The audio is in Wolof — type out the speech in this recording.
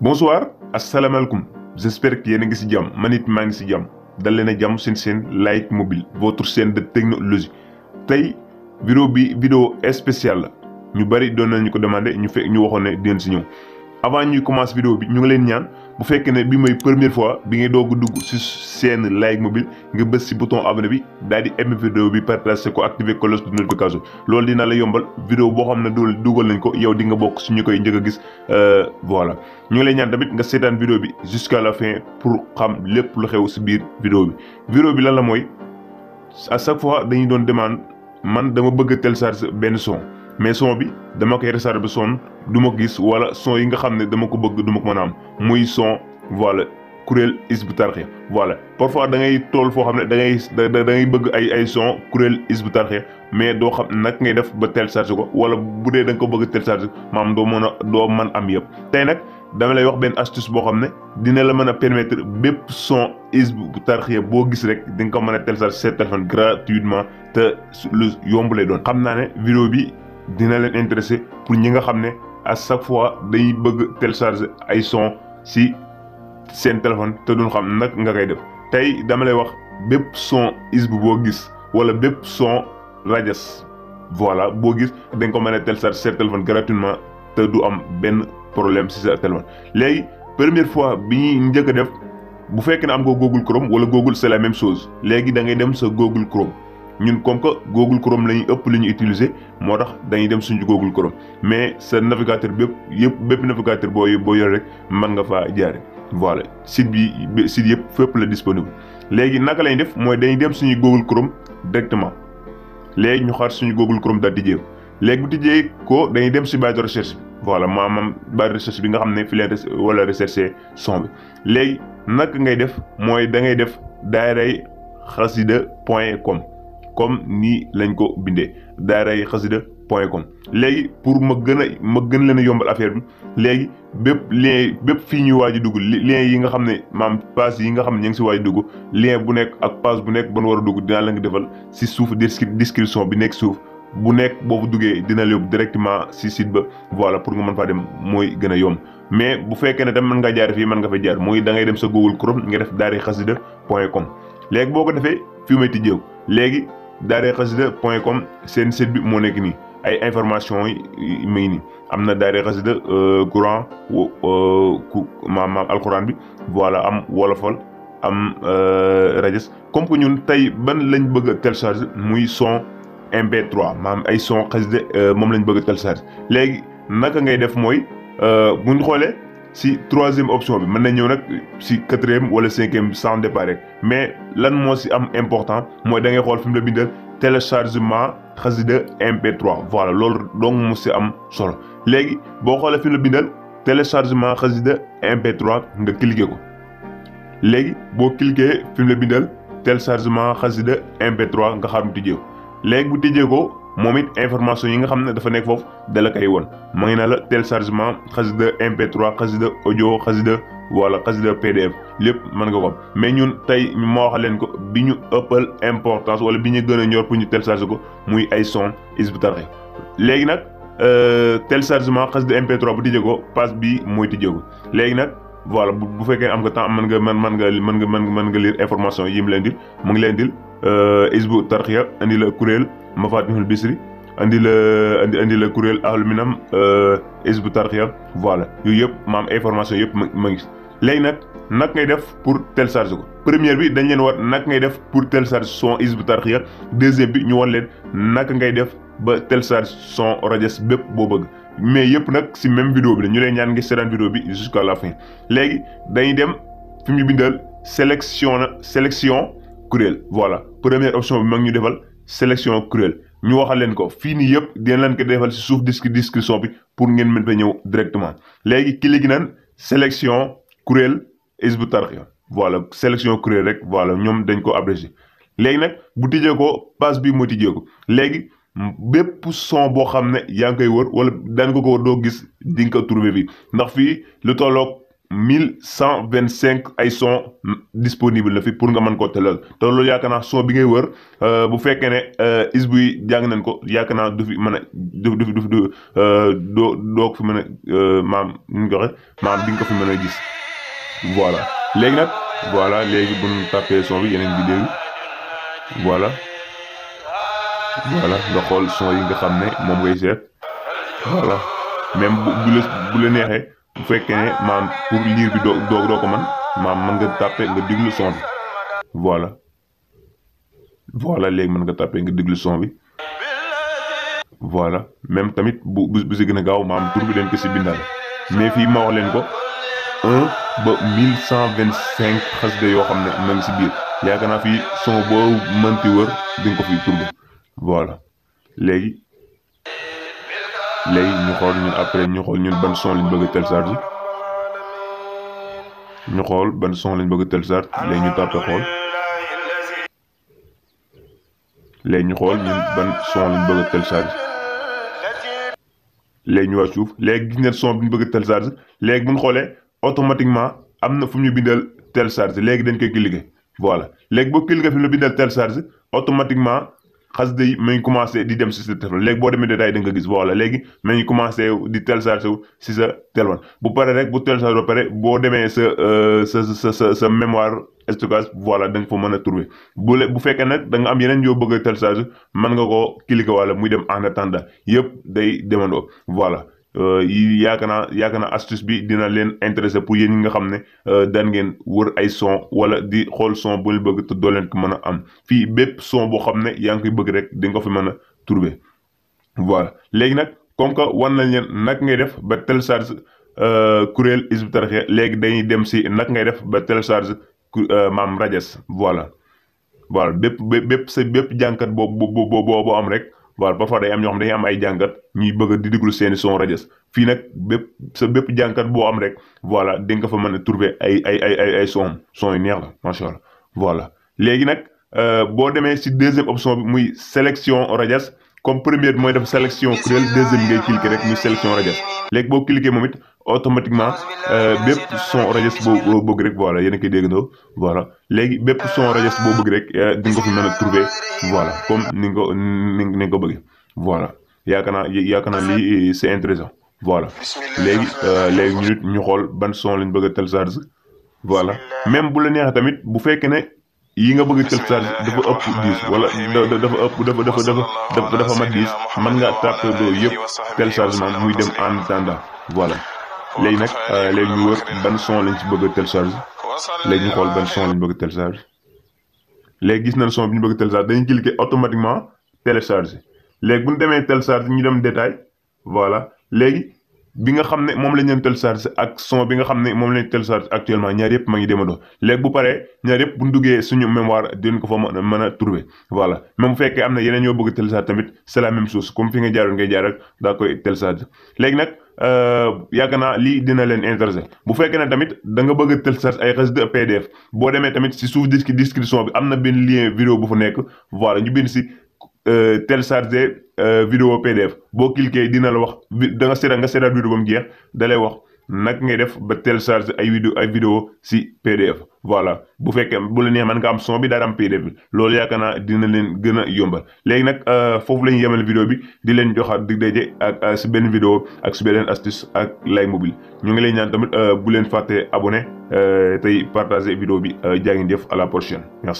bonsoir asalaamaaleykum j'espère que yéen a ngi si jàmm man it maa ngi si jàmm dal leen a jàmm seen seen Like Mobile votre chaîne de technologie tey vidéo bi vidéo spéciale la ñu bëri doon nañu ko demandé ñu fekk ñu waxoon ne di ngeen si ñëw avant ñuy commencer vidéo bi ñu ngi leen ñaan. bu fekkee ne bi mooy première fois bi ngay doog dugg si seen Like Mobile nga bës si bouton abonné bi daal di aimer vidéo bi partager ko activer cloche de notification loolu dina la yombal vidéo boo xam ne du dugal nañ ko yow di nga bokk suñu koy njëkk a gis euh, voilà ñu ngi lay ñaan tamit nga seetaan vidéo bi jusqu'à la fin pour xam lépp lu xew si biir vidéo bi vidéo bi lan la mooy à chaque fois dañuy doon demande man dama bëgg a télécharger benn son mais son bi dama koy bu son du ma ko gis wala son yi nga xam ne dama ko bëgg duma ko mën a am muy son voilà kuréel Hizbut Tarqiyyah voilà parfois da ngay tool foo xam ne da ngay da ngay bëgg ay ay son kuréel Hizbut Tarqiyyah mais doo xam nag ngay def ba tel charge ko wala bu dee da ko bëgg tel charge maam doo mën a doo man am yëpp tey nag dama lay wax benn astuce boo xam ne dina la mën a permettre bépp son bu Hizbut Tarqiyyah boo gis rek di nga ko mën a télécharger sa téléphone gratuitement te lu yomb lay doon xam naa ne vidéo bi dina leen intéressé pour ñi nga xam ne à chaque fois dañuy bëgg télécharger ay son si seen téléphone te duñ xam nag nga koy def tey dama lay wax bépp son isbu boo gis wala bépp son rajas voilà boo gis dañ ko mën a télécharger seen téléphone gratuitement te du am benn problème si sa téléphone léegi première fois bi ñuy njëkk a def bu fekkee ne am nga Google Chrome wala Google c'est la même chose léegi da ngay dem sa Google Chrome ñun comme que Google Chrome la ñuy ëpp li ñu utiliser moo tax dañuy dem suñu Google Chrome mais sa navigateur bépp yëpp bépp navigateur boo boo yore rek nga faa jaare voilà site bi site yëpp fépp la disponible léegi naka lañ def mooy dañuy dem suñu Google Chrome directement léegi ñu xaar suñu Google Chrome daal di tijjee léegi bu tijjee ko dañuy dem si barre de recherche bi voilà maanaam barre de bi nga xam ne fi leen wala recherche son bi léegi naka ngay def mooy da ngay def daaray xasida point com comme nii lañ ko bindee daaray xasida point com léegi pour ma gën a ma gën leen a yombal affaire bi léegi bépp lien bépp fii ñuy waaj a dugg lien yi nga xam ne maam pass yi nga xam ne ñu ngi si waaj a lien bu nekk ak pass bu nekk bon nu war a dugg dinaa leen ko defal si suuf description bi nekk suuf bu nekk boo fa duggee dina la yóbbu directement si site ba voilà pour nga mën faa dem mooy gën a yomb mais bu fekkee ne tam mën nga jaar fii mën nga fa jaar mooy da ngay dem sa Google Chrome nga def daaray xasida point com léegi boo ko defee fii may tijjeeku daaray xasida point com seen site bi moo nekk nii ay information yi mu nii am na daaray xasida euh, courant euh, ku maam maam alxuraan bi voilà am wolofal am euh, rajas comme que ñun tey ban lañ bëgg a télécharge muy son mp3 maam ay son xasida moom lañ bëgg tel télécharge léegi naka ngay def mooy buñ xoolee si troisième option bi mën na ñëw nag si quatrième wala cinquième sans départ rek mais lan moo si am important mooy da ngay xool fi mu la bindal téléchargement xasida MP3 voilà loolu donc mu si am solo léegi boo xoolee fi mu la bindal téléchargement xasida MP3 nga cliqué ko léegi boo cliqué fi mu la bindal téléchargement xasida MP3 nga xam tijjee ko léegi bu tijjee ko moom it information yi nga xam ne dafa nekk foofu dala koy woon ma ngi na la téléchargement xasida mp3 xasida audio xasida wala xasida pdf lépp mën nga ko mais ñun tey ma wax leen ko bi ñu ëppal importance wala bi ñu gën a ñor pour ñu télécharge ko muy ay son isbitarxe léegi nag euh, téléchargement xasida mp3 bu tijjee ko pass bi mooy tijjee ko léegi nag voilà bu fekkee am nga temps mën nga mën mën nga mën nga mën nga liir information yi mu leen dil mu ngi leen dil euh, isbu tarxiya indi la kuréel Mafatihul Bisri andi la andi andi la kuréel ahlu minam euh, isbu tarxiya voilà yooyu yëpp maam information yëpp ma ma gis léegi nag nag ngay def pour tel télécharger ko première bi dañ leen war nag ngay def pour tel télécharger son isbu tarxiya deuxième bi ñu wan leen naka ngay def ba télécharger son rajas bépp boo bëgg mais yëpp nag si même vidéo bi la ñu lay ñaan ngi seetaan vidéo bi jusqu'à la fin léegi dañuy dem fi mu ñu bindal sélection na sélection kuréel voilà première ñu defal sélection cruelle ñu waxal leen ko fii nii yëpp dina leen ko defal si suuf disque description bi pour ngeen mën fa ñëw directement léegi clique nan sélection cruelle Hizbut Tarqiyyah voilà sélection cruelle rek voilà ñoom dañ ko abrégé léegi nag bu tijjee ko passe bi moo tijjee ko léegi bépp son boo xam ne yaa ngi koy wër wala daan ko ko wër doo gis di nga ko trouvé fii ndax fii lu tolloog mille cent vingt cinq ay son disponible na fi pour nga man koo tëlal te loolu yaakaar naa son bi ngay wër euh, bu fekkee ne euh, is buy jàng nañ ko yaakaar naa du fi mën a du du du du euh, doo doo fi mën a maam nu ñu ko waxee maam di nga ko fi mën a gis voilà léegi nag voilà léegi bu ñu tapé son bi yeneen vidéo yi voilà voilà nga xool son yi nga xam ne moom ngay seet voilà même bu bu la bu neexee. bu fekkee ne maam pour liir bi doo doo ko man maam mën nga tàppe nga diglu son bi voilà voilà léegi mën nga tàppe nga diglu son bi voilà même tamit bu bu si gën a gaaw maam tur bi leen ko si bindaal mais fii ma wax leen ko un ba mille cent vingt cinq xasida yoo xam ne ma ngi si biir yaakaar naa fii son boo mënti wër di ko fi tur voilà léegi léegi ñu xool ñun après ñu xool ñun ban son lañ bëgg a ñu xool ban son lañ bëgg a télécharge ñu tàppe xool léegi ñu xool ñun ban son lañ bëgg a télécharge léegi ñu wax suuf léegi gis ngeen son bu ñu bëgg a télécharge léegi bu ñu xoolee automatiquement am na fu ñu bindal télécharge léegi dañ koy cliquer voilà léegi boo cliquer fi mu la bindal télécharge automatiquement. xasida yi ma ngi commencé di dem si sa téléphone léegi boo demee détail da nga gis voilà léegi ma ngi di téléchargé wu si sa téléphone bu pare rek bu téléchargé ba pare boo demee sa euh, sa sa sa sa mémoire stockage voilà da nga fa mën a trouver bu bu fekkee nag da nga am yeneen yoo bëgg a téléchargé mën nga ko cliquer wala muy dem en attendant yëpp day demandoo voilà Euh, yi yaakaar naa yaakaar naa astuce bi dina leen intéressé pour yéen ñi nga xam ne euh, daan ngeen wër ay son wala di xool son bu bëgg te doo leen ko mën a am fii bépp son boo xam ne yaa ngi koy bëgg rek di nga ko fi mën a trouver voilà léegi nag comme que wan nañ leen nag ngay def ba tell télécharge euh, kuréel Hizbut Tarqiyyah léegi dañuy dem si nag ngay def ba télécharge maam rajas voilà voilà bépp bépp sa bépp jànkat boobu boo boo am rek. voilà parfois day am ñoo xam dañuy am ay jàngat ñuy bëgg di déglu seeni son rajo fii nag bépp sa bépp jànkat boo am rek voilà di nga fa mën a trouver ay ay ay ay ay son son yu neex la macha voilà léegi nag euh, boo demee si deuxième option bi muy sélection rajas comme première mooy def sélection kuréel deuxième ngay cliqué rek muy sélection rajas léegi boo cliqué moom it automatiquement euh, bépp son rajas bo bëgg rek voilà yéen a koy déggandoo voilà léegi bépp son rajas boo bëgg rek euh, di nga ko fi mën a trouver voilà comme ni nga ko ni nga ko bëggee voilà yaakaar naa yaakaar naa lii euh, c'est intéressant voilà léegi léegi ñu ñu xool ban son lañ bëgg a télécharge voilà même bu la neexee tamit bu fekkee ne. yi nga bëgg cël sar dafa ëpp diis wala dafa ëpp dafa dafa dafa dafa mat diis mën nga tàqdoo yëpp téléchargement muy dem en attendant voilà léegi nag euh, léegi ñu wër ban son lañ ci bëgg a télécharge léegi ñu xool ban son lañ bëgg a léegi gis na son bu ñu bëgg a télécharge dañuy cliquer automatiquement télécharge léegi bu ñu demee télécharge ñu dem détail voilà léegi bi nga xam ne moom la ñu leen télécharge ak son bi nga xam ne moom la ñu télécharge actuellement ñaar yëpp ma ngi demandoo léegi bu paree ñaar yëpp bu ñu duggee suñu mémoire dinañ ko fa a trouver voilà même bu fekkee na yeneen yoo bëgg télécharge tamit c'est la même chose comme fi nga jaaroon ngay jaar rek daa koy télécharge léegi nag euh, yaakaar naa lii dina leen intéressé bu fekkee ne tamit da nga bëgg a télécharge ay xasida PDF boo demee tamit si suuf disque description bi am na benn lien vidéo bu fa nekk voilà ñu bind si Euh, télécharger euh, vidéo PDF boo cliquer dina la wax da nga seetaan nga seetaan vidéo ba mu jeex da wax nag ngay def ba télécharger ay vidéo ay vidéo si PDF voilà bu fekkee bu la neex man nga am son bi daal am PDF bi loolu yaakaar naa dina leen gën a yombal léegi nag euh, foofu la ñu yemal vidéo bi di leen joxaat di daje ak si benn vidéo ak si beneen astuce ak Lay Mobile ñu ngi leen ñaan tamit bu leen fàtte abonné tey partager vidéo bi jaa ngi jëf à la prochaine